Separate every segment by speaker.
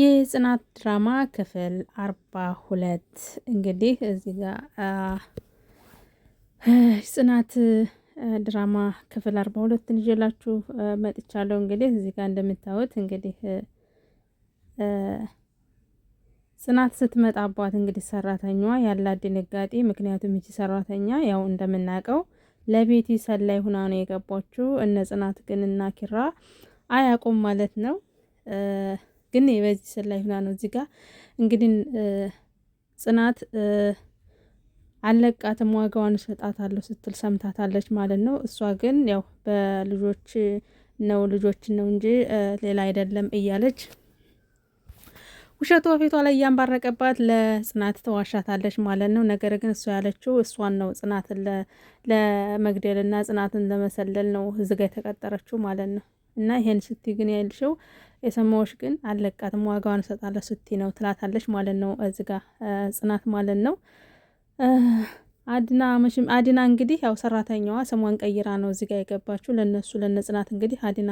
Speaker 1: የጽናት ድራማ ክፍል አርባ ሁለት እንግዲህ እዚህ ጋር ጽናት ድራማ ክፍል አርባ ሁለት እንጀላችሁ መጥቻለሁ። እንግዲህ እዚህ ጋር እንደምታዩት እንግዲህ ጽናት ስትመጣ አባት እንግዲህ ሰራተኛዋ ያላት ድንጋጤ፣ ምክንያቱም ይቺ ሰራተኛ ያው እንደምናውቀው ለቤቲ ሰላይ ሁና ነው የገባችው። እነ ጽናት ግን እና ኪራ አያውቁም ማለት ነው። ግን በዚህ ሰላይ ሁና ነው እዚህ ጋር እንግዲህ ጽናት አለቃትም ዋጋዋን እሰጣታለሁ ስትል ሰምታታለች ማለት ነው። እሷ ግን ያው በልጆች ነው ልጆች ነው እንጂ ሌላ አይደለም እያለች ውሸቱ በፊቷ ላይ እያንባረቀባት ለጽናት ተዋሻታለች ማለት ነው። ነገር ግን እሷ ያለችው እሷን ነው ጽናትን ለመግደልና ጽናትን ለመሰለል ነው እዚጋ የተቀጠረችው ማለት ነው። እና ይሄን ስቲ ግን ያልሽው የሰማዎች ግን አለቃትም ዋጋዋን እሰጣለሁ ስቲ ነው ትላታለች ማለት ነው። እዚጋ ጽናት ማለት ነው። አድና መቼም አድና እንግዲህ ያው ሰራተኛዋ ስሟን ቀይራ ነው እዚጋ የገባችው ለነሱ ለነ ጽናት እንግዲህ አድና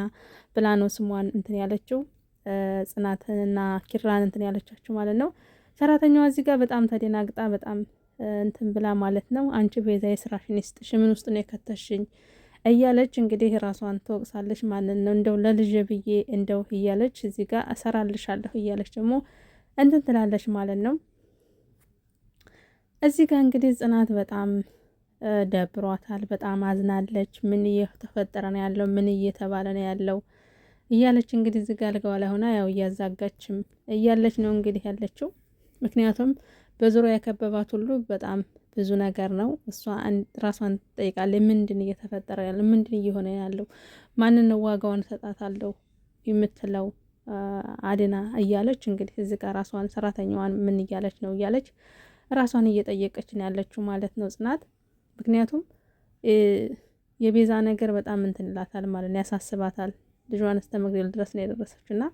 Speaker 1: ብላ ነው ስሟን እንትን ያለችው ጽናትና ኪራን እንትን ያለቻችሁ ማለት ነው። ሰራተኛዋ እዚጋ በጣም ተደናግጣ በጣም እንትን ብላ ማለት ነው። አንቺ ቤዛ የስራሽን ይስጥሽ ምን ውስጥ ነው የከተሽኝ እያለች እንግዲህ ራሷን ትወቅሳለች ማለት ነው። እንደው ለልጅ ብዬ እንደው እያለች እዚህ ጋር እሰራልሻለሁ እያለች ደግሞ እንትን ትላለች ማለት ነው። እዚህ ጋር እንግዲህ ጽናት በጣም ደብሯታል። በጣም አዝናለች። ምን እየተፈጠረ ነው ያለው? ምን እየተባለ ነው ያለው? እያለች እንግዲህ እዚህ ጋር አልጋዋ ላይ ሆና ያው እያዛጋችም እያለች ነው እንግዲህ ያለችው። ምክንያቱም በዙሪያ የከበባት ሁሉ በጣም ብዙ ነገር ነው። እሷ ራሷን ትጠይቃለች። ምንድን እየተፈጠረ ያለው? ምንድን እየሆነ ያለው? ማንን ዋጋውን እሰጣታለሁ የምትለው አድና እያለች እንግዲህ እዚህ ጋር ራሷን ሰራተኛዋን ምን እያለች ነው እያለች ራሷን እየጠየቀች ነው ያለችው ማለት ነው ጽናት። ምክንያቱም የቤዛ ነገር በጣም እንትን ማለት ነው፣ ያሳስባታል። ልጇን እስከ መግደል ድረስ ነው የደረሰችው እና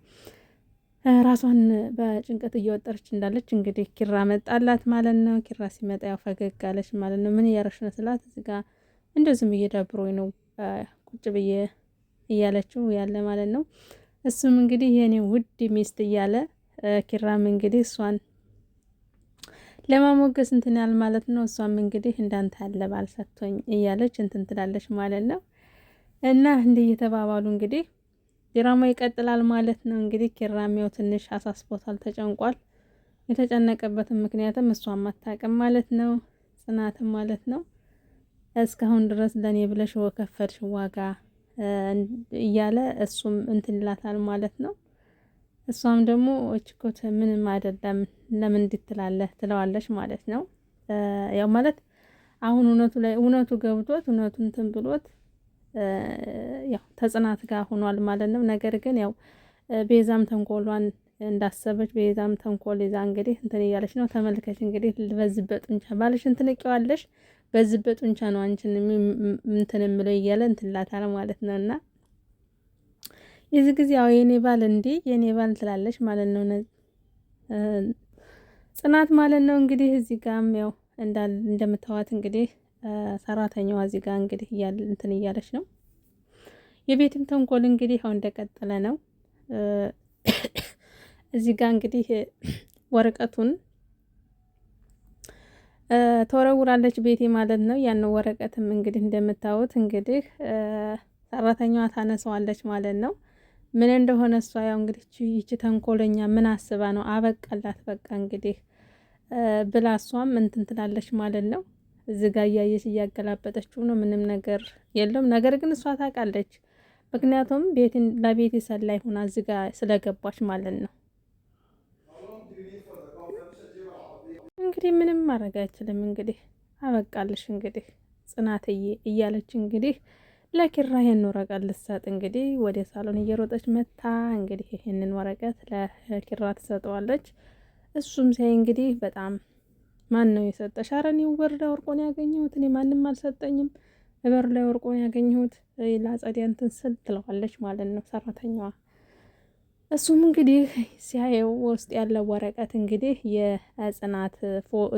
Speaker 1: ራሷን በጭንቀት እየወጠረች እንዳለች እንግዲህ ኪራ መጣላት ማለት ነው። ኪራ ሲመጣ ያው ፈገግ አለች ማለት ነው። ምን እያረሽ ነው ስላት እዚህ ጋ እንደዚህም እየዳብሮኝ ነው ቁጭ ብዬ እያለችው ያለ ማለት ነው። እሱም እንግዲህ የኔ ውድ ሚስት እያለ ኪራም እንግዲህ እሷን ለማሞገስ እንትን ያል ማለት ነው። እሷም እንግዲህ እንዳንተ ያለ ባል ሰጥቶኝ እያለች እንትን ትላለች ማለት ነው። እና እንዲህ እየተባባሉ እንግዲህ ድራማ ይቀጥላል ማለት ነው። እንግዲህ ኪራሚው ትንሽ አሳስቦታል፣ ተጨንቋል። የተጨነቀበትን ምክንያትም እሷ አታውቅም ማለት ነው፣ ጽናትም ማለት ነው። እስካሁን ድረስ ለእኔ ብለሽ ወከፈልሽ ዋጋ እያለ እሱም እንትን ይላታል ማለት ነው። እሷም ደግሞ እችኮት ምንም አይደለም ለምን እንድትላለህ ትለዋለች ማለት ነው። ያው ማለት አሁን እውነቱ ላይ እውነቱ ገብቶት እውነቱ እንትን ብሎት ያው ተጽናት ጋር ሆኗል ማለት ነው። ነገር ግን ያው ቤዛም ተንኮሏን እንዳሰበች ቤዛም ተንኮል ይዛ እንግዲህ እንትን እያለች ነው። ተመልከች እንግዲህ በዚህ በጡንቻ ባልሽን ትንቂዋለሽ፣ በዚህ በጡንቻ ነው አንቺን እንትን የምለው እያለ እንትላታል ማለት ነው። እና የዚህ ጊዜ ያው የኔ ባል እንዲህ የኔ ባል ትላለች ማለት ነው ጽናት ማለት ነው። እንግዲህ እዚህ ጋም ያው እንዳል እንደምታዋት እንግዲህ ሰራተኛዋ እዚህ ጋር እንግዲህ እንትን እያለች ነው። የቤትም ተንኮል እንግዲህ አሁን እንደቀጠለ ነው። እዚህ ጋር እንግዲህ ወረቀቱን ተወረውራለች ቤቴ ማለት ነው። ያን ወረቀትም እንግዲህ እንደምታዩት እንግዲህ ሰራተኛዋ ታነሰዋለች ማለት ነው። ምን እንደሆነ እሷ ያው እንግዲህ ይቺ ተንኮለኛ ምን አስባ ነው አበቃላት በቃ እንግዲህ ብላ እሷም እንትን ትላለች ማለት ነው። እዚህ ጋር እያየች እያገላበጠችው ነው። ምንም ነገር የለም ነገር ግን እሷ ታውቃለች። ምክንያቱም ለቤት ሰላይ ሆና እዚህ ጋር ስለገባች ማለት ነው። እንግዲህ ምንም ማድረግ አይችልም። እንግዲህ አበቃልሽ እንግዲህ ጽናትዬ እያለች እንግዲህ ለኪራ ይህን ወረቀት ልትሰጥ እንግዲህ ወደ ሳሎን እየሮጠች መታ እንግዲህ ይህንን ወረቀት ለኪራ ትሰጠዋለች። እሱም ሲያይ እንግዲህ በጣም ማን ነው የሰጠሽ? ኧረ እኔ በር ላይ ወርቆን ያገኘሁት፣ እኔ ማንም አልሰጠኝም፣ በር ላይ ወርቆ ያገኘሁት ለአጸዴ እንትን ስል ትለዋለች ማለት ነው ሰራተኛዋ። እሱም እንግዲህ ሲያየው ውስጥ ያለው ወረቀት እንግዲህ የጽናት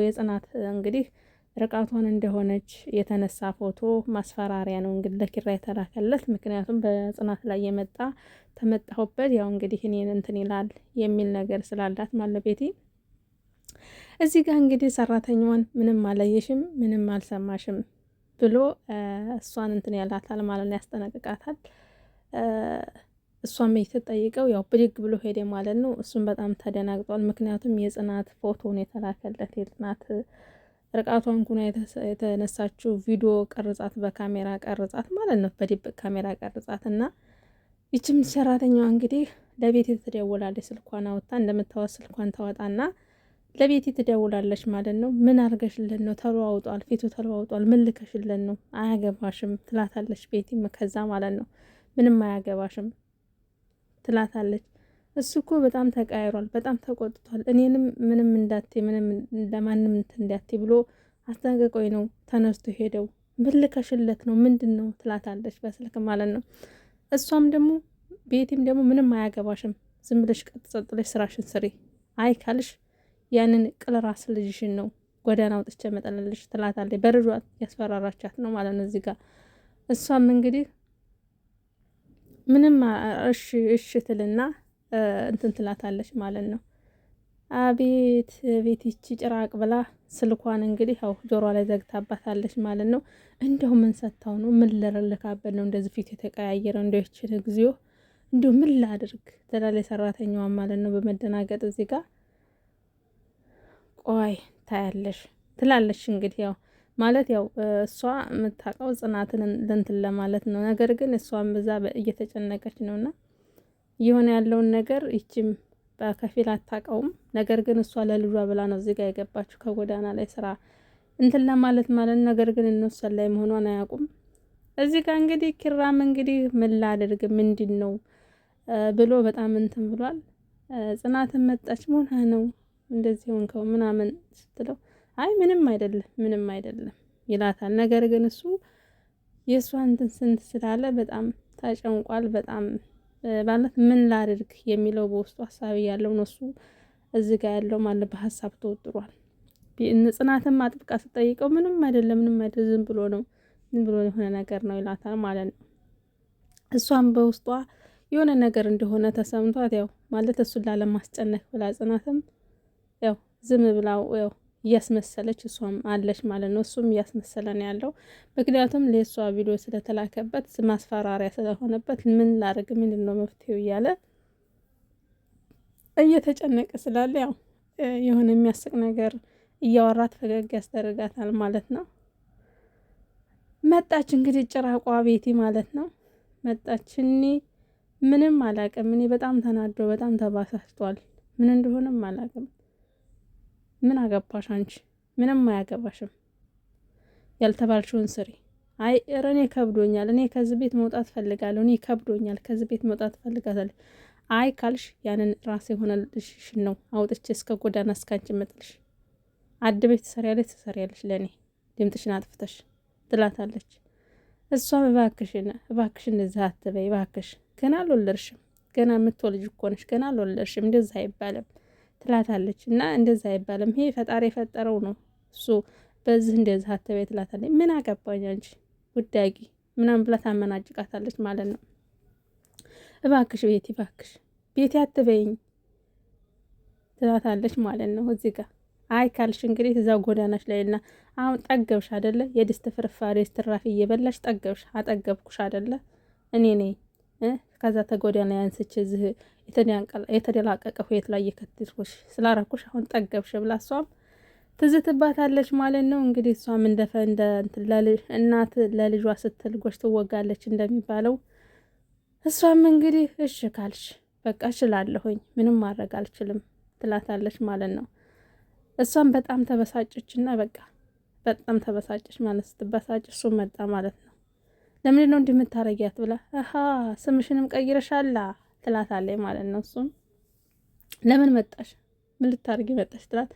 Speaker 1: የጽናት እንግዲህ ርቃቷን እንደሆነች የተነሳ ፎቶ ማስፈራሪያ ነው እንግዲህ ለኪራ የተላከለት። ምክንያቱም በጽናት ላይ የመጣ ተመጣሁበት ያው እንግዲህ እኔን እንትን ይላል የሚል ነገር ስላላት ማለት እዚህ ጋር እንግዲህ ሰራተኛዋን ምንም አላየሽም፣ ምንም አልሰማሽም ብሎ እሷን እንትን ያላታል ማለት ነው፣ ያስጠነቅቃታል። እሷም የተጠይቀው ያው ብድግ ብሎ ሄደ ማለት ነው። እሱም በጣም ተደናግጧል። ምክንያቱም የጽናት ፎቶን የተላከለት የጽናት ርቃቷን ኩና የተነሳችው ቪዲዮ ቀርጻት፣ በካሜራ ቀርጻት ማለት ነው፣ በድብቅ ካሜራ ቀርጻት እና ይችም ሰራተኛዋ እንግዲህ ለቤት የተደወላለች ስልኳን አውጥታ እንደምታወስ ስልኳን ታወጣና ለቤቲ ትደውላለች ማለት ነው። ምን አርገሽልን ነው? ተለዋውጧል፣ ፊቱ ተለዋውጧል፣ ምን ልከሽልን ነው? አያገባሽም ትላታለች ቤቲም ከዛ ማለት ነው። ምንም አያገባሽም ትላታለች። እሱ እኮ በጣም ተቃይሯል፣ በጣም ተቆጥቷል። እኔንም ምንም እንዳቴ ምንም ለማንም እንዳቴ ብሎ አስጠንቅቆኝ ነው ተነስቶ ሄደው። ምን ልከሽለት ነው? ምንድን ነው ትላታለች በስልክ ማለት ነው። እሷም ደግሞ ቤቲም ደግሞ ምንም አያገባሽም፣ ዝም ብለሽ ቀጥ ስራሽን ስሪ፣ አይ ካልሽ ያንን ቅል ራስ ልጅሽን ነው ጎዳና አውጥቼ መጠለልሽ ትላታለች። በርዷ ያስፈራራቻት ነው ማለት ነው እዚህ ጋር እሷም እንግዲህ ምንም እሺ እሺ ትልና እንትን ትላታለች ማለት ነው። አቤት ቤት ይቺ ጭራቅ ብላ ስልኳን እንግዲህ ያው ጆሯ ላይ ዘግታባታለች ማለት ነው። እንደው ምን ሰታው ነው ምን ልርልካበት ነው እንደዚህ ፊት የተቀያየረው እንደው ይችል እግዚኦ እንደው ምን ላድርግ ትላለች ሰራተኛዋን ማለት ነው በመደናገጥ እዚህ ጋር ቆይ ታያለሽ ትላለች። እንግዲህ ያው ማለት ያው እሷ የምታውቀው ጽናትን እንትን ለማለት ነው። ነገር ግን እሷን በዛ እየተጨነቀች ነው እና የሆነ ያለውን ነገር ይችም በከፊል አታውቀውም። ነገር ግን እሷ ለልጇ ብላ ነው እዚህ ጋር የገባችው ከጎዳና ላይ ስራ እንትን ለማለት ማለት ነገር ግን እነሷን ላይ መሆኗን አያውቁም። እዚህ ጋር እንግዲህ ኪራም እንግዲህ ምን ላድርግ ምንድን ነው ብሎ በጣም እንትን ብሏል። ጽናትን መጣች መሆና ነው እንደዚህ ሆንከው ምናምን ስትለው አይ ምንም አይደለም ምንም አይደለም ይላታል። ነገር ግን እሱ የእሷ እንትን ስንት ስላለ በጣም ተጨንቋል። በጣም ማለት ምን ላድርግ የሚለው በውስጡ ሀሳብ ያለው ነው። እሱ እዚህ ጋር ያለው ማለት በሀሳብ ተወጥሯል። ጽናትም አጥብቃ ስጠይቀው ምንም አይደለም ምንም አይደለም ዝም ብሎ ነው ዝም ብሎ የሆነ ነገር ነው ይላታል ማለት ነው። እሷም በውስጧ የሆነ ነገር እንደሆነ ተሰምቷት ያው ማለት እሱን ላለማስጨነቅ ብላ ጽናትም ያው ዝም ብላው ያው እያስመሰለች እሷም አለች ማለት ነው። እሱም እያስመሰለ ነው ያለው። ምክንያቱም ለእሷ ቪዲዮ ስለተላከበት ማስፈራሪያ ስለሆነበት ምን ላድርግ፣ ምንድን ነው መፍትሄው እያለ እየተጨነቀ ስላለ ያው የሆነ የሚያስቅ ነገር እያወራት ፈገግ ያስደርጋታል ማለት ነው። መጣች እንግዲህ ጭራቋ ቤቲ ማለት ነው። መጣች። እኔ ምንም አላቅም። እኔ በጣም ተናዶ በጣም ተባሳስቷል። ምን እንደሆነም አላቅም። ምን አገባሽ አንቺ? ምንም አያገባሽም። ያልተባልሽውን ስሪ። አይ ኧረ እኔ ከብዶኛል፣ እኔ ከዚህ ቤት መውጣት ፈልጋለሁ፣ እኔ ከብዶኛል፣ ከዚህ ቤት መውጣት ፈልጋለሁ። አይ ካልሽ ያንን ራስ የሆነ ልሽሽን ነው አውጥቼ እስከ ጎዳና እስካንቺ መጥልሽ። አድ ቤት ትሰሪያለሽ፣ ትሰሪያለሽ ለእኔ ድምጥሽን አጥፍተሽ ትላታለች። እሷም እባክሽን፣ እባክሽን እዚህ አትበይ እባክሽ፣ ገና አልወለድሽም። ገና የምትወልጅ እኮ ነሽ፣ ገና አልወለድሽም። እንደዚህ አይባልም። ትላታለች። እና እንደዛ አይባልም፣ ይሄ ፈጣሪ የፈጠረው ነው እሱ በዚህ እንደዚህ አትበይ ትላታለች። ምን አገባኝ አንቺ ውዳጊ ምናምን ብላ ታመናጭቃታለች ማለት ነው። እባክሽ ቤቲ እባክሽ ቤቲ አትበይኝ ትላታለች ማለት ነው። እዚህ ጋር አይ ካልሽ እንግዲህ እዛ ጎዳናሽ ላይ ና አሁን ጠገብሽ አደለ? የድስት ፍርፋሪ ስትራፊ እየበላሽ ጠገብሽ። አጠገብኩሽ አደለ? እኔ ነኝ ከዛ ተጎዳና ያንስች እዚህ የተደላቀቀ ሁኔት ላይ የከትሽ ስላረኩሽ አሁን ጠገብሽ ብላ እሷም ትዝትባታለች ማለት ነው። እንግዲህ እሷም እንደፈ እናት ለልጇ ስትል ጎሽ ትወጋለች እንደሚባለው እሷም እንግዲህ እሽ ካልሽ በቃ እችላለሁኝ ምንም ማድረግ አልችልም ትላታለች ማለት ነው። እሷም በጣም ተበሳጨች እና በቃ በጣም ተበሳጨች ማለት ስትበሳጭ እሱ መጣ ማለት ነው። ለምንድን ነው እንዲህ የምታረጊያት ብላ ስምሽንም ቀይረሻላ ትላታለች ማለት ነው። እሱም ለምን መጣሽ ምን ልታርጊ መጣሽ ትላት፣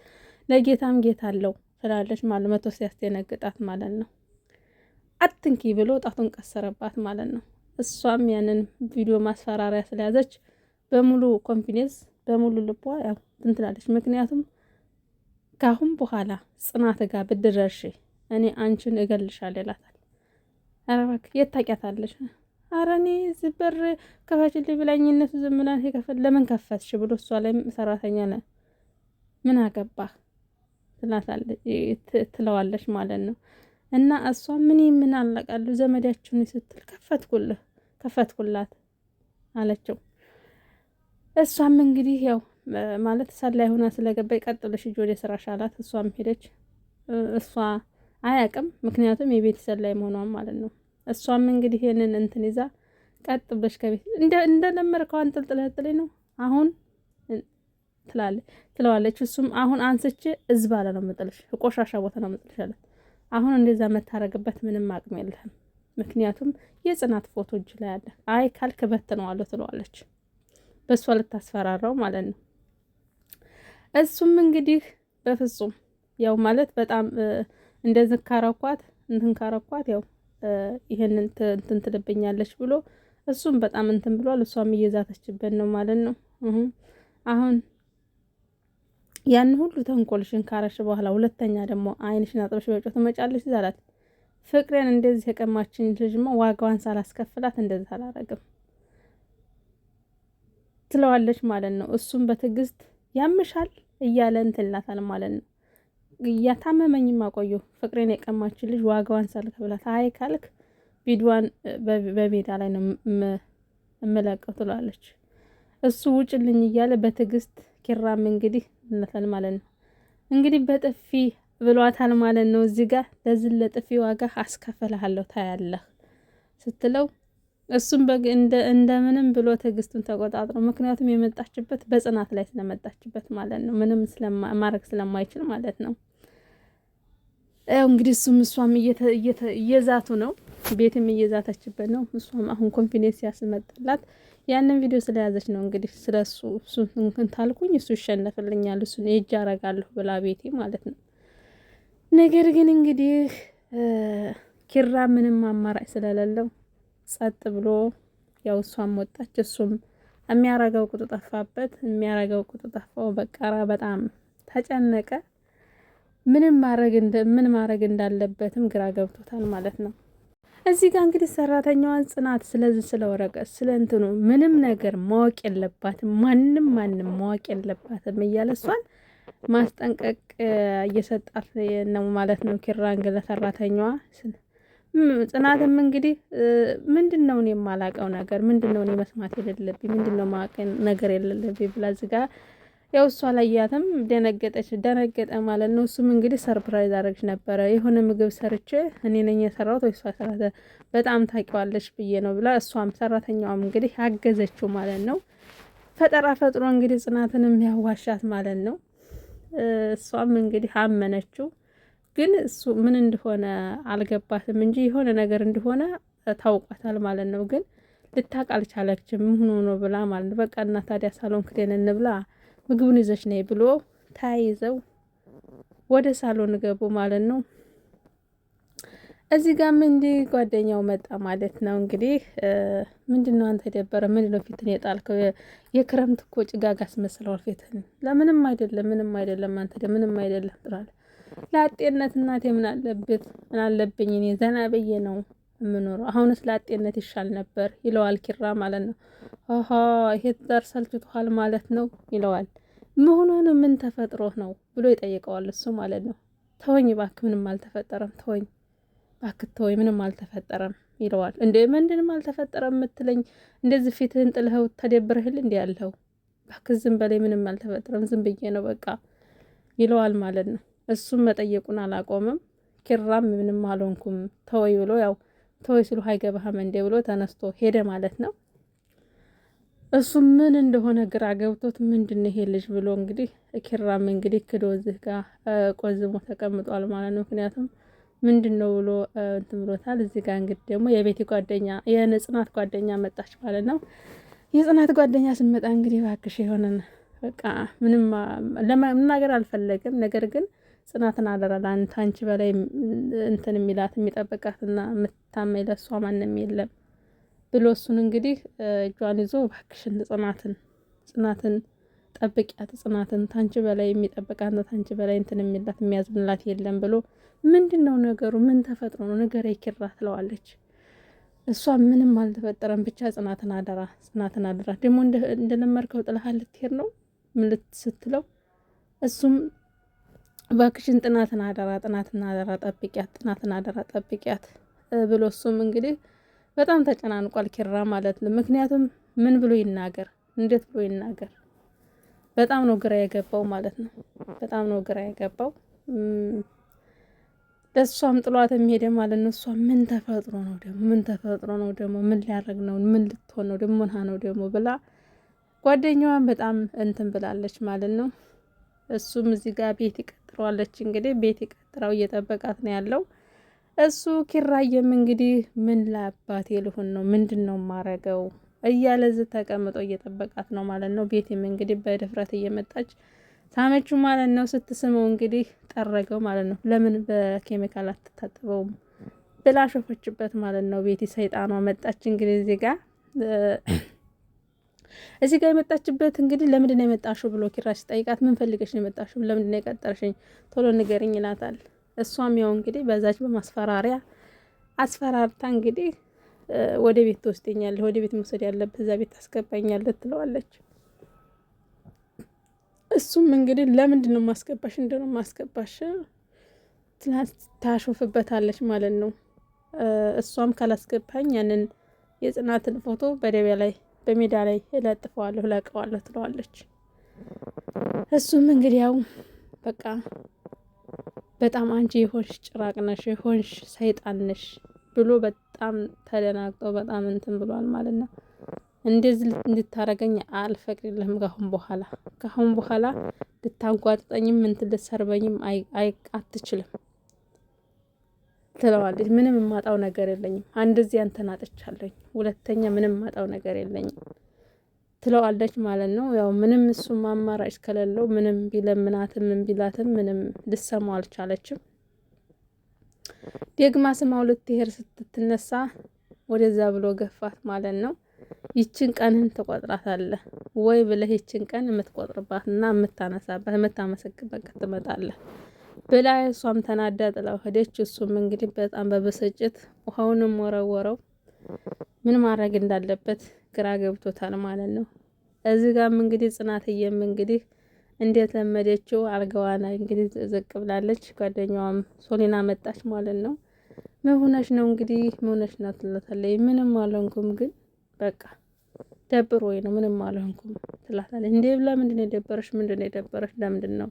Speaker 1: ለጌታም ጌታ አለው ትላለች ማለት መቶ ሲያስደነግጣት ማለት ነው። አትንኪ ብሎ ጣቱን ቀሰረባት ማለት ነው። እሷም ያንን ቪዲዮ ማስፈራሪያ ስለያዘች በሙሉ ኮንፊደንስ በሙሉ ልቧ ያው ትንትላለች። ምክንያቱም ከአሁን በኋላ ጽናት ጋር ብድረሽ እኔ አንቺን እገልሻለሁ ይላታል። ኧረ እባክህ የት ታውቂያታለሽ? ኧረ እኔ እዚህ በር ክፈችልኝ ብላኝ እነሱ ዝም ብላ ለምን ከፈትሽ ብሎ እሷ ላይ ሰራተኛ ነ ምን አገባ ትለዋለች ማለት ነው። እና እሷ ምን ምን አላቃሉ ዘመዳችሁን ስትል ከፈትኩልህ ከፈትኩላት አለችው። እሷም እንግዲህ ያው ማለት ሰላይ ሆና ስለገባ ቀጥ እጅ ወደ ስራሽ አላት። እሷም ሄደች። እሷ አያቅም፣ ምክንያቱም የቤት ሰላይ መሆኗን ማለት ነው። እሷም እንግዲህ ይሄንን እንትን ይዛ ቀጥ ብለሽ ከቤት እንደለመድከው አንጠልጥለጥለኝ ነው አሁን ትላለች ትለዋለች። እሱም አሁን አንስቼ እዝባለ ነው የምጥልሽ፣ ቆሻሻ ቦታ ነው የምጥልሽ አላት። አሁን እንደዛ መታረግበት ምንም አቅም የለህም፣ ምክንያቱም የጽናት ፎቶ እጅ ላይ አለ። አይ ካልክ በትነዋለሁ ትለዋለች። በእሷ ልታስፈራራው ማለት ነው። እሱም እንግዲህ በፍጹም ያው ማለት በጣም እንደዚህ ካረኳት እንትን ካረኳት ያው ይህንን እንትን ትልብኛለች ብሎ እሱም በጣም እንትን ብሏል። እሷም እየዛተችበት ነው ማለት ነው። አሁን ያን ሁሉ ተንኮልሽን ካረሽ በኋላ ሁለተኛ ደግሞ አይንሽን አጥበሽ በጮ ትመጫለሽ አላት። ፍቅሬን እንደዚህ የቀማችን ልጅማ ዋጋዋን ሳላስከፍላት እንደዚህ አላረግም ትለዋለች ማለት ነው። እሱም በትዕግስት ያምሻል እያለ እንትላታል ማለት ነው። እያታመመኝም አቆየሁ። ፍቅሬን የቀማችን ልጅ ዋጋዋን ሰልክ ብላት አይ ካልክ ቪዲዋን በሜዳ ላይ ነው እምለቀው ትላለች። እሱ ውጭልኝ እያለ በትዕግስት ኪራም እንግዲህ ነፈል ማለት ነው እንግዲህ በጥፊ ብሏታል ማለት ነው። እዚህ ጋር ለዚህ ለጥፊ ዋጋ አስከፍልሃለሁ ታያለህ ስትለው እሱም እንደምንም ብሎ ትዕግስቱን ተቆጣጥሮ ምክንያቱም የመጣችበት በጽናት ላይ ስለመጣችበት ማለት ነው። ምንም ማድረግ ስለማይችል ማለት ነው። ያው እንግዲህ እሱም እሷም እየዛቱ ነው፣ ቤትም እየዛተችበት ነው። እሷም አሁን ኮንፊደንስ ያስመጣላት ያንን ቪዲዮ ስለያዘች ነው እንግዲህ ስለ እሱ እንትን ታልኩኝ እሱ ይሸነፍልኛል፣ እሱን የእጅ አረጋለሁ ብላ ቤቴ ማለት ነው። ነገር ግን እንግዲህ ኪራ ምንም አማራጭ ስለሌለው ጸጥ ብሎ ያው እሷም ወጣች፣ እሱም የሚያረገው ቁጡ ጠፋበት። የሚያረገው ቁጡ ጠፋው። በቃራ በጣም ተጨነቀ። ምንም ማረግ እንደ ምን ማረግ እንዳለበትም ግራ ገብቶታል ማለት ነው። እዚህ ጋር እንግዲህ ሰራተኛዋን ጽናት ስለዚህ ስለ ወረቀት ስለ እንትኑ ምንም ነገር ማወቅ የለባትም ማንም ማንም ማወቅ የለባትም እያለ እሷን ማስጠንቀቅ እየሰጣት ነው ማለት ነው። ኪራን ግን ለሰራተኛዋ ጽናትም እንግዲህ ምንድን ነው እኔ የማላቀው ነገር ምንድን ነው እኔ መስማት የሌለብኝ ምንድን ነው ማቀ ነገር የሌለብኝ ብላ እዚህ ያው እሷ አላያትም፣ ደነገጠች። ደነገጠ ማለት ነው። እሱም እንግዲህ ሰርፕራይዝ አደረግሽ ነበረ የሆነ ምግብ ሰርቼ እኔ ነኝ የሰራሁት ወይ እሷ ሰራተ በጣም ታቂዋለች ብዬ ነው ብላ እሷም ሰራተኛዋም እንግዲህ አገዘችው ማለት ነው። ፈጠራ ፈጥሮ እንግዲህ ጽናትንም ያዋሻት ማለት ነው። እሷም እንግዲህ አመነችው። ግን እሱ ምን እንደሆነ አልገባትም እንጂ የሆነ ነገር እንደሆነ ታውቋታል ማለት ነው። ግን ልታቅ አልቻለችም። ምን ሆኖ ብላ ማለት ነው። በቃ እና ታዲያ ሳሎን ክደን እንብላ ምግቡን ይዘሽ ነይ ብሎ ተያይዘው ወደ ሳሎን ገቡ ማለት ነው። እዚህ ጋር እንዲህ ጓደኛው መጣ ማለት ነው። እንግዲህ ምንድነው አንተ የደበረ ነው ፊትን የጣልከው? የክረምት እኮ ጭጋግ አስመስለዋል ፊትን። ለምንም አይደለም ምንም አይደለም አንተ ምንም አይደለም ጥራል ለአጤነት እናቴ ምን አለበት ምን አለብኝ እኔ ዘና ብዬ ነው የምኖረው። አሁንስ ለአጤነት ይሻል ነበር ይለዋል ኪራ ማለት ነው። አሀ ይሄ ትዳር ሰልችቶሃል ማለት ነው ይለዋል። ነው ምን ተፈጥሮ ነው ብሎ ይጠይቀዋል እሱ ማለት ነው። ተወኝ ባክ ምንም አልተፈጠረም፣ ተወኝ ባክ ተወኝ፣ ምንም አልተፈጠረም ይለዋል። እንደ ምንድንም አልተፈጠረም የምትለኝ እንደዚህ ፊትህን ጥልኸው ተደብርህል እንዲ ያለው ባክ ዝም በላይ፣ ምንም አልተፈጠረም፣ ዝም ብዬ ነው በቃ ይለዋል ማለት ነው። እሱም መጠየቁን አላቆምም። ኪራም ምንም አልሆንኩም ተወይ ብሎ ያው ተወይ ስሉ አይገባህም እንዴ ብሎ ተነስቶ ሄደ ማለት ነው። እሱ ምን እንደሆነ ግራ ገብቶት ምንድን ይሄ ልጅ ብሎ እንግዲህ ኪራም እንግዲህ ክዶ እዚህ ጋር ቆዝሞ ተቀምጧል ማለት ነው። ምክንያቱም ምንድን ነው ብሎ እንትን ብሎታል። እዚህ ጋር እንግዲህ ደግሞ የቤት ጓደኛ የጽናት ጓደኛ መጣች ማለት ነው። የጽናት ጓደኛ ስንመጣ እንግዲህ እባክሽ የሆነን በቃ ምንም ለመናገር አልፈለግም ነገር ግን ጽናትን አደራ ለአንተ አንቺ በላይ እንትን የሚላት የሚጠብቃትና የምትታመኝ ለሷ ማንም የለም ብሎ እሱን እንግዲህ እጇን ይዞ እባክሽን ጽናትን ጽናትን ጠብቂያት ጽናትን ታንቺ በላይ የሚጠብቃትና ታንቺ በላይ እንትን የሚላት የሚያዝንላት የለም ብሎ ምንድን ነው ነገሩ? ምን ተፈጥሮ ነው ነገር ይኪራ ትለዋለች። እሷ ምንም አልተፈጠረም፣ ብቻ ጽናትን አደራ ጽናትን አደራ ደግሞ እንደለመድከው ጥለሃል ልትሄድ ነው ምልት ስትለው እሱም እባክሽን ጥናትን አደራ ጥናትን አደራ ጠብቂያት ጥናትን አደራ ጠብቂያት ብሎ እሱም እንግዲህ በጣም ተጨናንቋል ኪራ ማለት ነው። ምክንያቱም ምን ብሎ ይናገር፣ እንዴት ብሎ ይናገር በጣም ነው ግራ የገባው ማለት ነው። በጣም ነው ግራ የገባው ለእሷም ጥሏት የሚሄደ ማለት ነው። እሷ ምን ተፈጥሮ ነው ደግሞ ምን ተፈጥሮ ነው ደግሞ ምን ሊያደርግ ነው ምን ልትሆን ነው ደግሞ ነው ደግሞ ብላ ጓደኛዋን በጣም እንትን ብላለች ማለት ነው። እሱም እዚህ ጋር ቤት ቀጥሯለች። እንግዲህ ቤት ቀጥራው እየጠበቃት ነው ያለው። እሱ ኪራየም እንግዲህ ምን ላባቴ ልሁን ነው ምንድን ነው ማረገው እያለ ዝ ተቀምጦ እየጠበቃት ነው ማለት ነው። ቤትም እንግዲህ በድፍረት እየመጣች ሳመቹ ማለት ነው። ስትስመው እንግዲህ ጠረገው ማለት ነው። ለምን በኬሚካል አትታጠበውም ብላ ሾፈችበት ማለት ነው። ቤቲ ሰይጣኗ መጣች እንግዲህ እዚህ ጋር እዚህ ጋር የመጣችበት እንግዲህ ለምንድን ነው የመጣሽው ብሎ ኪራ ሲጠይቃት ምን ፈልገሽ ነው የመጣሽው? ለምንድን ነው የቀጠርሽኝ? ቶሎ ንገርኝ ይላታል። እሷም ያው እንግዲህ በዛች በማስፈራሪያ አስፈራርታ እንግዲህ ወደ ቤት ትወስደኛለህ፣ ወደ ቤት መውሰድ ያለብህ እዛ ቤት ታስገባኛለህ ትለዋለች። እሱም እንግዲህ ለምንድን ነው ማስገባሽ እንደሆነ ማስገባሽ ታሾፍበታለች ማለት ነው። እሷም ካላስገባኝ ያንን የጽናትን ፎቶ በደቢያ ላይ በሜዳ ላይ እለጥፈዋለሁ፣ ለቀዋለሁ ትለዋለች። እሱም እንግዲህ ያው በቃ በጣም አንቺ የሆንሽ ጭራቅ ነሽ፣ የሆንሽ ሰይጣን ነሽ ብሎ በጣም ተደናግጦ በጣም እንትን ብሏል ማለት ነው። እንደዚህ እንድታረገኝ አልፈቅድልህም ካሁን በኋላ ካሁን በኋላ ልታንጓጥጠኝም እንትን ልትሰርበኝም አትችልም ትለዋለች። ምንም የማጣው ነገር የለኝም። አንድ እዚህ አንተን አጥቻለኝ፣ ሁለተኛ ምንም የማጣው ነገር የለኝም ትለዋለች ማለት ነው። ያው ምንም እሱም አማራጭ ከሌለው ምንም ቢለምናትም ምን ቢላትም ምንም ልሰማው አልቻለችም። ደግማ ስማው ልትሄድ ስትትነሳ ወደዛ ብሎ ገፋት ማለት ነው። ይችን ቀንህን ትቆጥራታለህ ወይ ብለህ ይችን ቀን የምትቆጥርባትና የምታነሳባት የምታመሰግንበት ትመጣለህ። ብላ እሷም ተናዳ ጥላው ሄደች። እሱም እንግዲህ በጣም በብስጭት ውሃውንም ወረወረው። ምን ማድረግ እንዳለበት ግራ ገብቶታል ማለት ነው። እዚህ ጋም እንግዲህ ጽናትዬም እንግዲህ እንዴት ለመደችው አልጋዋ ላይ እንግዲህ ዝቅ ብላለች። ጓደኛዋም ሶሊና መጣች ማለት ነው። ምን ሆነሽ ነው እንግዲህ ምን ሆነሽ ነው ትላታለች። ምንም አልሆንኩም ግን በቃ ወይ ነው ምንም አልሆንኩም ትላታለች። እንዴ ለምንድን ነው የደበረሽ? ምንድን ነው የደበረሽ? ለምንድን ነው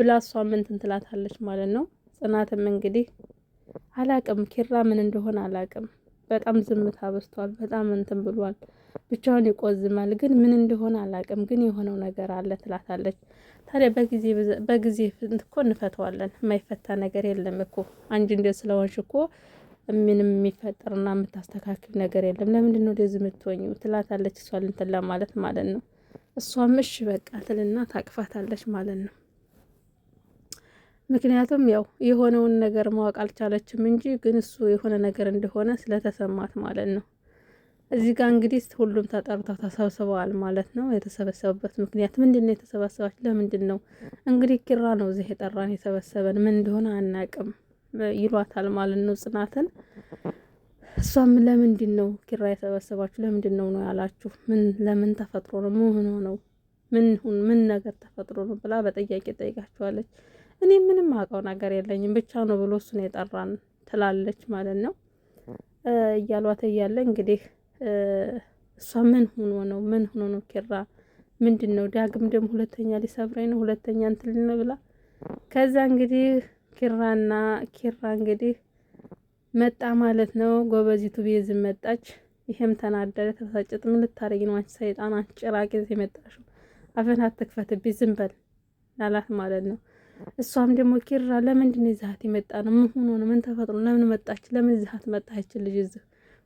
Speaker 1: ብላ እሷ ምንትን ትላታለች ማለት ነው። ጽናትም እንግዲህ አላቅም ኪራ ምን እንደሆነ አላቅም። በጣም ዝምታ በስቷል በጣም እንትን ብሏል። ብቻውን ይቆዝማል፣ ግን ምን እንደሆነ አላቅም፣ ግን የሆነው ነገር አለ ትላታለች። ታዲያ በጊዜ በጊዜ እኮ እንፈተዋለን፣ የማይፈታ ነገር የለም እኮ አንቺ እንደ ስለሆንሽ እኮ ምንም የሚፈጠርና የምታስተካክል ነገር የለም። ለምንድን ነው እንደዚህ የምትሆኝው? ትላታለች እሷ እንትን ለማለት ማለት ነው። እሷም እሽ በቃ ትልና ታቅፋታለች ማለት ነው። ምክንያቱም ያው የሆነውን ነገር ማወቅ አልቻለችም እንጂ ግን እሱ የሆነ ነገር እንደሆነ ስለተሰማት ማለት ነው። እዚህ ጋር እንግዲህ ሁሉም ተጠርተው ተሰብስበዋል ማለት ነው። የተሰበሰቡበት ምክንያት ምንድን ነው? የተሰበሰባች ለምንድን ነው? እንግዲህ ኪራ ነው እዚህ የጠራን የሰበሰበን ምን እንደሆነ አናቅም ይሏታል ማለት ነው ጽናትን። እሷም ለምንድን ነው ኪራ የሰበሰባችሁ ለምንድን ነው ነው ያላችሁ? ምን ለምን ተፈጥሮ ነው? ምን ሆኖ ነው? ምን ነገር ተፈጥሮ ነው ብላ በጥያቄ ጠይቃችኋለች። እኔ ምንም አውቀው ነገር የለኝም ብቻ ነው ብሎ እሱን የጠራን ትላለች ማለት ነው። እያሏት እያለ እንግዲህ እሷ ምን ሆኖ ነው ምን ሆኖ ነው ኪራ ምንድን ነው ዳግም ደግሞ ሁለተኛ ሊሰብረኝ ነው ሁለተኛ እንትል ነው ብላ ከዛ እንግዲህ ኪራና ኪራ እንግዲህ መጣ ማለት ነው። ጎበዚቱ ቤዝ መጣች። ይሄም ተናደደ፣ ተበሳጨት። ምን ልታረጊ ነው አንቺ ሰይጣን፣ አንቺ ጭራቂ የመጣሽው አፈን አትክፈትብኝ፣ ዝም በል አላት ማለት ነው። እሷም ደግሞ ኪራ ለምንድን ነው ይዛት የመጣ ነው? ምን ሆኖ ነው? ምን ተፈጥሮ? ለምን መጣች? ለምን ይዛት መጣችን? ልጅ እዚህ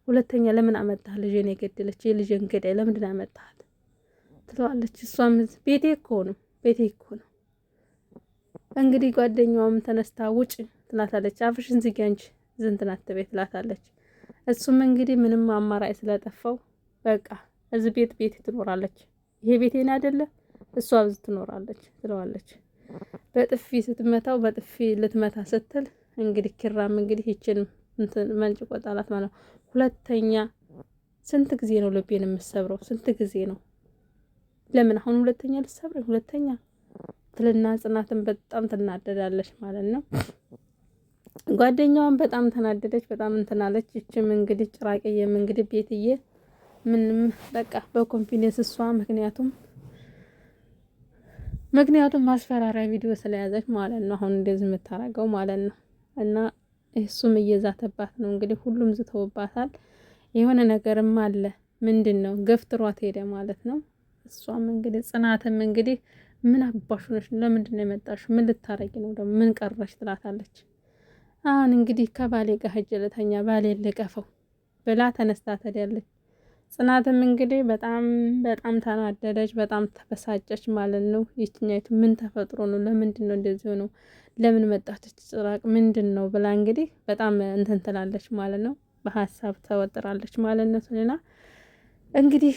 Speaker 1: ሁለተኛ ለምን አመጣህ? ልጅን የገደለች የልጅን ገዳይ ለምንድን አመጣሃት? ትለዋለች። እሷም ቤቴ እኮ ነው፣ ቤቴ እኮ ነው። እንግዲህ ጓደኛውም ተነስታ ውጭ ትላታለች። አፍሽን ዝጊ አንቺ ዝንት ናት ቤት ትላታለች። እሱም እንግዲህ ምንም አማራጭ ስለጠፋው በቃ እዚህ ቤት ቤት ትኖራለች፣ ይሄ ቤቴን አይደለ እሷ ብዝ ትኖራለች ትለዋለች። በጥፊ ስትመታው በጥፊ ልትመታ ስትል እንግዲህ ኪራም እንግዲህ ይችን መንጭቆ ቆጣላት ማለት ነው። ሁለተኛ ስንት ጊዜ ነው ልቤን የምሰብረው? ስንት ጊዜ ነው? ለምን አሁን ሁለተኛ ልትሰብረኝ? ሁለተኛ ትልና ጽናትን በጣም ትናደዳለች ማለት ነው። ጓደኛዋን በጣም ተናደደች፣ በጣም እንትናለች። ይችም እንግዲህ ጭራቅዬም እንግዲህ ቤትዬ ምንም በቃ በኮንፊደንስ እሷ ምክንያቱም ምክንያቱም ማስፈራሪያ ቪዲዮ ስለያዘች ማለት ነው። አሁን እንደዚህ የምታረገው ማለት ነው። እና እሱም እየዛተባት ነው እንግዲህ፣ ሁሉም ዝተውባታል። የሆነ ነገርም አለ ምንድን ነው ገፍትሯት ሄደ ማለት ነው። እሷም እንግዲህ ጽናትም እንግዲህ ምን አባሽ ነሽ? ለምንድን ነው የመጣሽ? ምን ልታረጊ ነው ደግሞ ምን ቀረሽ? ትላታለች። አሁን እንግዲህ ከባሌ ጋር ሂጅ ልተኛ ባሌ ልቀፈው ብላ ተነስታ ትሄዳለች። ጽናትም እንግዲህ በጣም በጣም ተናደደች፣ በጣም ተበሳጨች ማለት ነው። ይችኛይቱ ምን ተፈጥሮ ነው? ለምንድን ነው እንደዚህ ነው? ለምን መጣች? ጭራቅ ምንድን ነው ብላ እንግዲህ በጣም እንትን ትላለች ማለት ነው። በሀሳብ ተወጥራለች ማለት ነው። ሌላ እንግዲህ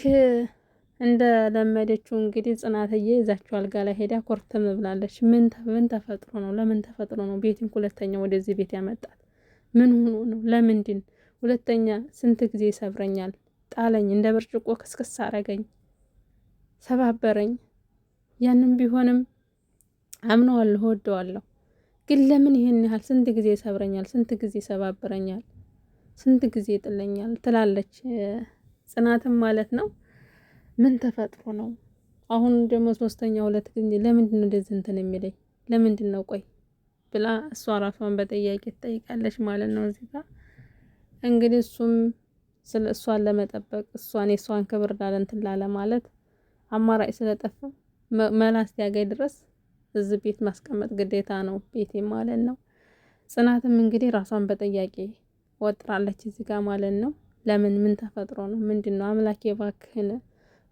Speaker 1: እንደ ለመደችው እንግዲህ ጽናትዬ ይዛችሁ አልጋ ላይ ሄዳ ኮርተም ብላለች። ምን ተፈጥሮ ነው? ለምን ተፈጥሮ ነው ቤትን ሁለተኛ ወደዚህ ቤት ያመጣት? ምን ሆኖ ነው? ለምንድን ሁለተኛ ስንት ጊዜ ይሰብረኛል ጣለኝ፣ እንደ ብርጭቆ ክስክስ አረገኝ፣ ሰባበረኝ። ያንም ቢሆንም አምነዋለሁ፣ ወደዋለሁ ግን ለምን ይህን ያህል ስንት ጊዜ ይሰብረኛል፣ ስንት ጊዜ ይሰባበረኛል፣ ስንት ጊዜ ይጥለኛል ትላለች ጽናትም ማለት ነው። ምን ተፈጥሮ ነው? አሁን ደግሞ ሶስተኛ ሁለት ጊዜ ለምንድን ነው እንደዚህ እንትን የሚለኝ ለምንድን ነው ቆይ ብላ እሷ ራሷን በጥያቄ ትጠይቃለች ማለት ነው እዚህ ጋር እንግዲህ እሱም ስለ እሷን ለመጠበቅ እሷን የእሷን ክብር እንትን ላለማለት አማራጭ ስለጠፋ መላስ ያገኝ ድረስ እዚህ ቤት ማስቀመጥ ግዴታ ነው፣ ቤቴ ማለት ነው። ጽናትም እንግዲህ ራሷን በጥያቄ ወጥራለች እዚህ ጋር ማለት ነው። ለምን ምን ተፈጥሮ ነው? ምንድን ነው? አምላኬ ባክህን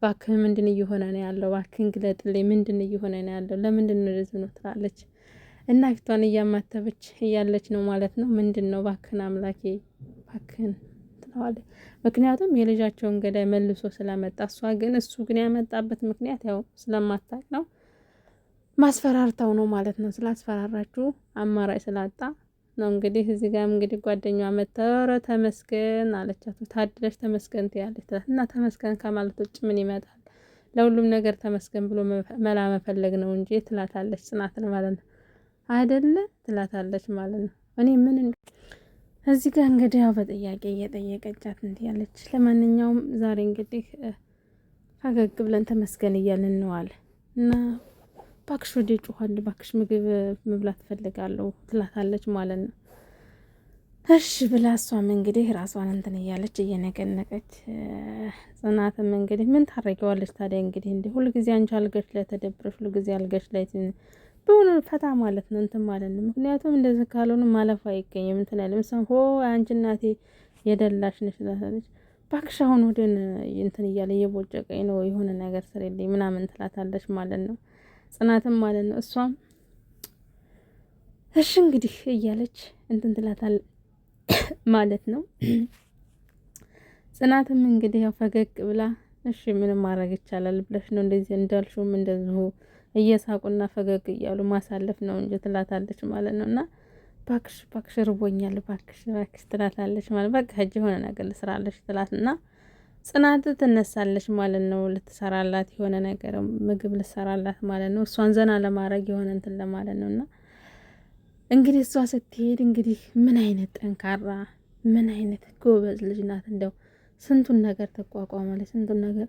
Speaker 1: ባክህ ምንድን እየሆነ ነው ያለው? ባክህን ግለጥልኝ፣ ምንድን እየሆነ ነው ያለው? ለምንድን ነው እንደዚህ ነው ትላለች። እና ፊቷን እያማተበች እያለች ነው ማለት ነው። ምንድን ነው? ባክህን አምላኬ ባክህን ብለዋል። ምክንያቱም የልጃቸውን ገዳይ መልሶ ስለመጣ እሷ ግን እሱ ግን ያመጣበት ምክንያት ያው ስለማታቅ ነው ማስፈራርታው ነው ማለት ነው። ስላስፈራራችሁ አማራጭ ስላጣ ነው እንግዲህ እዚህ ጋር እንግዲህ ጓደኛ መተረ ተመስገን አለቻት። ታድለሽ ተመስገን ትያለች እና ተመስገን ከማለት ውጭ ምን ይመጣል? ለሁሉም ነገር ተመስገን ብሎ መላ መፈለግ ነው እንጂ ትላታለች ጽናትን ማለት ነው አይደለ? ትላታለች ማለት ነው እኔ ምን እዚህ ጋር እንግዲህ ያው በጥያቄ እየጠየቀቻት እንዲህ ያለች። ለማንኛውም ዛሬ እንግዲህ ፈገግ ብለን ተመስገን እያልን እንዋል እና ባክሽ ወደ ጩኋል ባክሽ ምግብ መብላት ፈልጋለሁ ትላታለች ማለት ነው። እሺ ብላ እሷም እንግዲህ ራሷን እንትን እያለች እየነቀነቀች፣ ጽናትም እንግዲህ ምን ታረጊዋለች ታዲያ እንግዲህ እንዲህ ሁልጊዜ አንቺ አልጋሽ ላይ ተደብረሽ ሁልጊዜ አልጋሽ ላይ በሆነ ፈታ ማለት ነው እንትን ማለት ነው። ምክንያቱም እንደዚህ ካልሆኑ ማለፍ አይገኝም እንትን አይልም። ሆ አንቺ እናቴ የደላሽ ነሽ ትላታለች። ባክሽ አሁን ወደን እንትን እያለ እየቦጨቀኝ ነው የሆነ ነገር ስለሌለኝ ምናምን ትላታለች ማለት ነው። ጽናትም ማለት ነው እሷም እሺ እንግዲህ እያለች እንትን ትላታል ማለት ነው። ጽናትም እንግዲህ ያው ፈገግ ብላ እሺ ምንም ማድረግ ይቻላል ብለሽ ነው እንደዚህ እንዳልሽውም እንደዚሁ እየሳቁና ፈገግ እያሉ ማሳለፍ ነው እንጂ ትላታለች ማለት ነው። እና ባክሽ ባክሽ ርቦኛል ባክሽ ባክሽ ትላታለች ማለት በቃ ሂጅ የሆነ ነገር ልስራለች ትላትና ጽናት ትነሳለች ማለት ነው። ልትሰራላት የሆነ ነገር ምግብ ልትሰራላት ማለት ነው። እሷን ዘና ለማድረግ የሆነ እንትን ለማለት ነው እና እንግዲህ እሷ ስትሄድ እንግዲህ ምን አይነት ጠንካራ ምን አይነት ጎበዝ ልጅ ናት። እንደው ስንቱን ነገር ተቋቋማለች፣ ስንቱን ነገር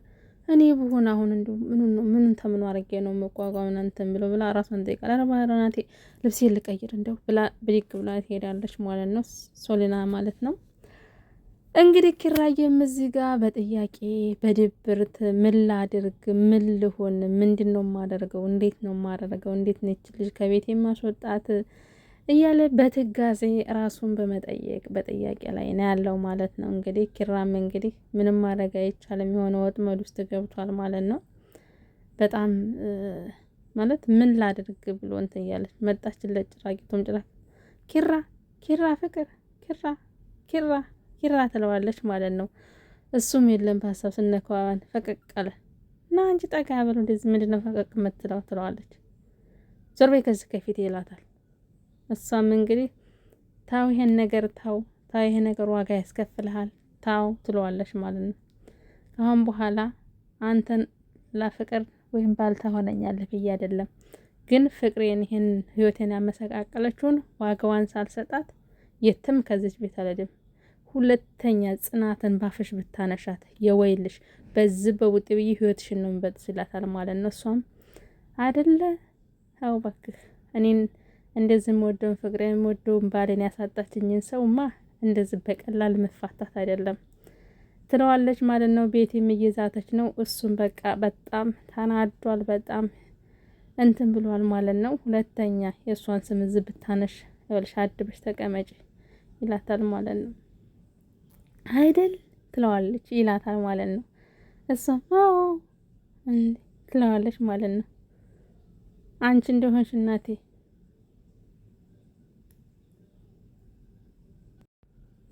Speaker 1: እኔ ብሆን አሁን እንዲ ምን ተምኖ አድርጌ ነው መቋቋም እንትን ብሎ ብላ ራሷን ጠይቃ ለረባህራናቴ ልብሴ ልቀይር እንደው ብላ ብድግ ብላ ትሄዳለች ማለት ነው። ሶሊና ማለት ነው እንግዲህ ኪራዬም እዚህ ጋር በጥያቄ በድብርት ምን ላድርግ፣ ምን ልሆን፣ ምንድን ነው የማደርገው፣ እንዴት ነው የማደርገው፣ እንዴት ነች ልጅ ከቤት የማስወጣት እያለ በትጋዜ ራሱን በመጠየቅ በጥያቄ ላይ ነው ያለው ማለት ነው። እንግዲህ ኪራም እንግዲህ ምንም ማድረግ አይቻልም፣ የሆነ ወጥመድ ውስጥ ገብቷል ማለት ነው። በጣም ማለት ምን ላድርግ ብሎ እንትን እያለች መጣችለት። ጭራቂቱም ጭራ ኪራ ኪራ ፍቅር ኪራ ኪራ ኪራ ትለዋለች ማለት ነው። እሱም የለም በሀሳብ ስነከዋን ፈቀቅ አለ እና አንቺ ጠጋ በሉ እንደዚህ ምንድነው ፈቀቅ የምትለው ትለዋለች። ዞር በይ ከዚህ ከፊት ይላታል። እሷም እንግዲህ ታው ይሄን ነገር ታው ታው ይሄ ነገር ዋጋ ያስከፍልሃል ታው ትለዋለች ማለት ነው። አሁን በኋላ አንተን ላፍቅር ወይም ባልታ ሆነኛለህ ብዬ አይደለም ግን ፍቅሬን ይህን ህይወቴን ያመሰቃቀለችውን ዋጋዋን ሳልሰጣት የትም ከዚች ቤት አልሄድም። ሁለተኛ ጽናትን ባፍሽ ብታነሻት የወይልሽ በዚህ በውጤ ብዬ ህይወትሽን ነው የሚበጥስ ማለት ነው። እሷም አይደለ አው እባክህ እኔን እንደዚህ የምወደውን ፍቅሬ የምወደውን ባሌን ያሳጣችኝን ሰውማ እንደዚህ በቀላል መፋታት አይደለም ትለዋለች ማለት ነው። ቤቲም እየዛተች ነው። እሱም በቃ በጣም ተናዷል። በጣም እንትን ብሏል ማለት ነው። ሁለተኛ የእሷን ስም እዚህ ብታነሽ ይኸውልሽ አድብሽ ተቀመጪ ይላታል ማለት ነው። አይደል ትለዋለች ይላታል ማለት ነው። እሷ አዎ ትለዋለች ማለት ነው። አንቺ እንደሆንሽ እናቴ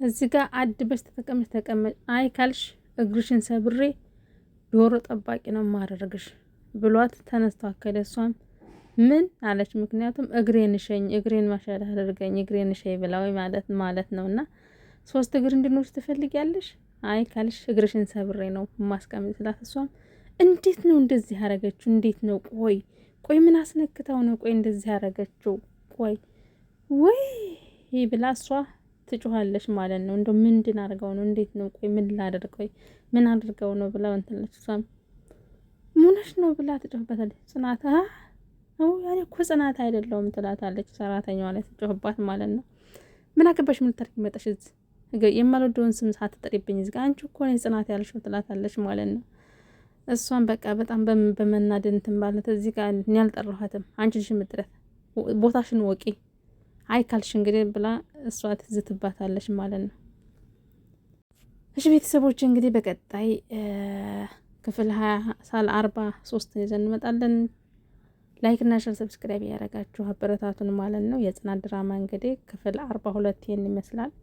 Speaker 1: እዚህ ጋር አድበሽ ተቀመጭ ተቀመጭ፣ አይ ካልሽ እግርሽን ሰብሬ ዶሮ ጠባቂ ነው ማደርግሽ ብሏት ተነስቶ አከደ። እሷም ምን አለች? ምክንያቱም እግሬን እሸኝ፣ እግሬን ማሻል አድርገኝ፣ እግሬን እሸኝ ብላዊ ማለት ማለት ነውና ሶስት እግር እንድኖር ትፈልጊያለሽ? አይ ካልሽ እግርሽን ሰብሬ ነው ማስቀመጥ ስላት እሷም እንዴት ነው እንደዚህ ያረገችው? እንዴት ነው? ቆይ ቆይ ምን አስነክተው ነው? ቆይ እንደዚህ ያረገችው? ቆይ ወይ ብላ እሷ ትጮኋለች ማለት ነው። እንደ ምንድን አድርገው ነው? እንዴት ነው? ቆይ ምን ላደርገው? ምን አድርገው ነው ብላ እንትለች። እሷም ሙነሽ ነው ብላ ትጮህበታለች። ጽናት ያኔ እኮ ጽናት አይደለውም ትላታለች። ሰራተኛዋ ላይ ትጮህባት ማለት ነው። ምን አገባሽ? ምን ታርክ መጣሽ? የማልወደውን ስም ሳትጠሪብኝ እዚህ ጋር አንቺ እኮ ነው ጽናት ያልሽው ትላታለች ማለት ነው። እሷን በቃ በጣም በመናደን እንትን ባለት እዚህ ጋር እኔ አልጠራኋትም አንቺ ልሽ ምጥረት ቦታሽን ወቂ አይ ካልሽ እንግዲህ ብላ እሷ ትዝትባታለች ማለት ነው። እሺ ቤተሰቦች እንግዲህ በቀጣይ ክፍል ሀያ ሳል አርባ ሶስት ይዘን እንመጣለን። ላይክ እና ሸር ሰብስክራይብ ያደረጋችሁ አበረታቱን ማለት ነው። የጽናት ድራማ እንግዲህ ክፍል አርባ ሁለት ይህን ይመስላል።